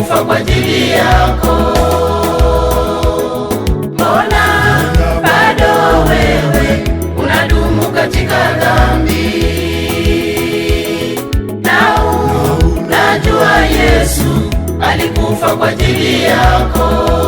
kufa kwa ajili yako. Mbona bado wewe unadumu katika dhambi? Nau najua Yesu alikufa kwa ajili yako.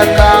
Saka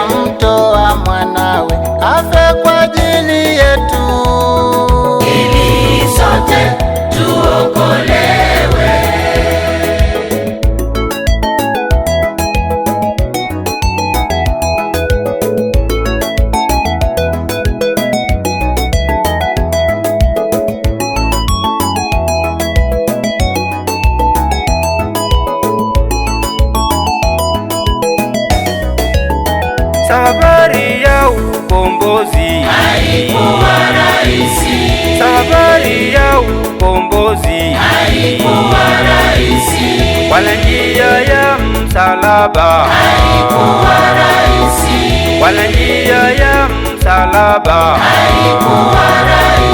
ukombozi haikuwa rahisi, safari ya ukombozi haikuwa rahisi, wala njia ya msalaba haikuwa rahisi, wala njia ya msalaba haikuwa rahisi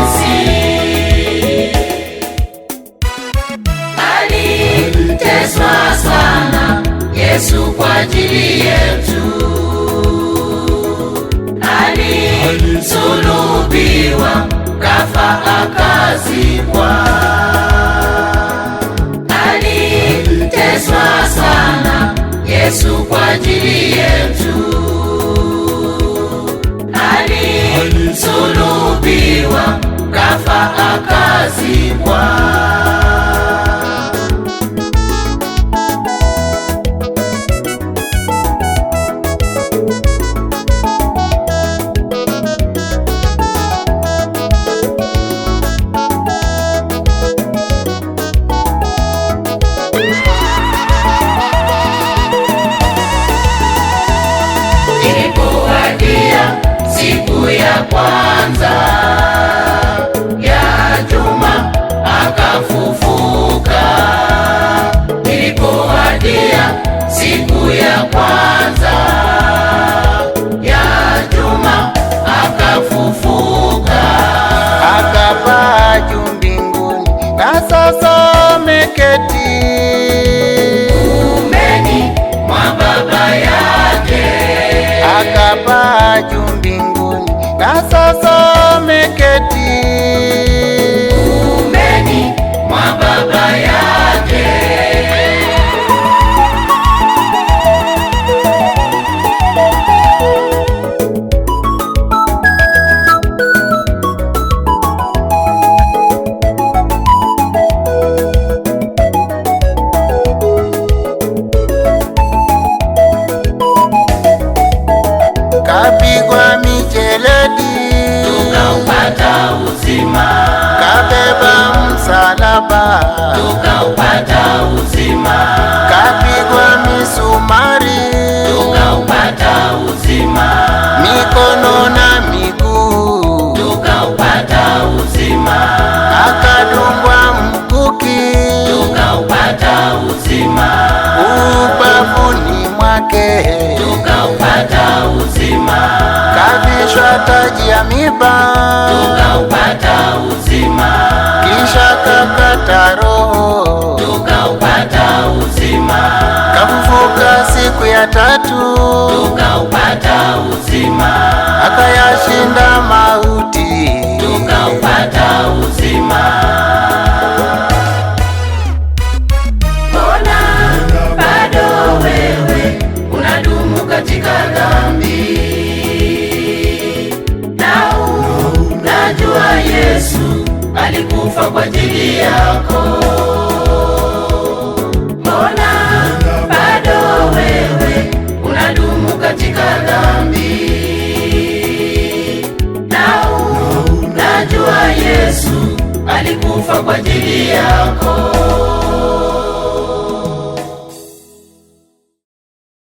Yesu kwa ajili yetu alisulubiwa, kafa akazi ya kwanza ya juma akafufuka. Ilipowadia siku ya kwanza ya juma akafufuka, akapaa juu mbinguni na sasa ameketi sasa ameketi kapigwa misumari, tukaupata uzima. Mikono na miguu, tukaupata uzima. Akadungwa mkuki, tukaupata uzima. Ubavuni mwake, tukaupata uzima. Kavishwa taji ya miba, tukaupata akafufuka siku ya tatu, tukaupata uzima, akayashinda mauti, tukaupata uzima. Mbona bado wewe unadumu katika dhambi? Nau, najua Yesu alikufa kwa ajili yako. alikufa kwa ajili yako.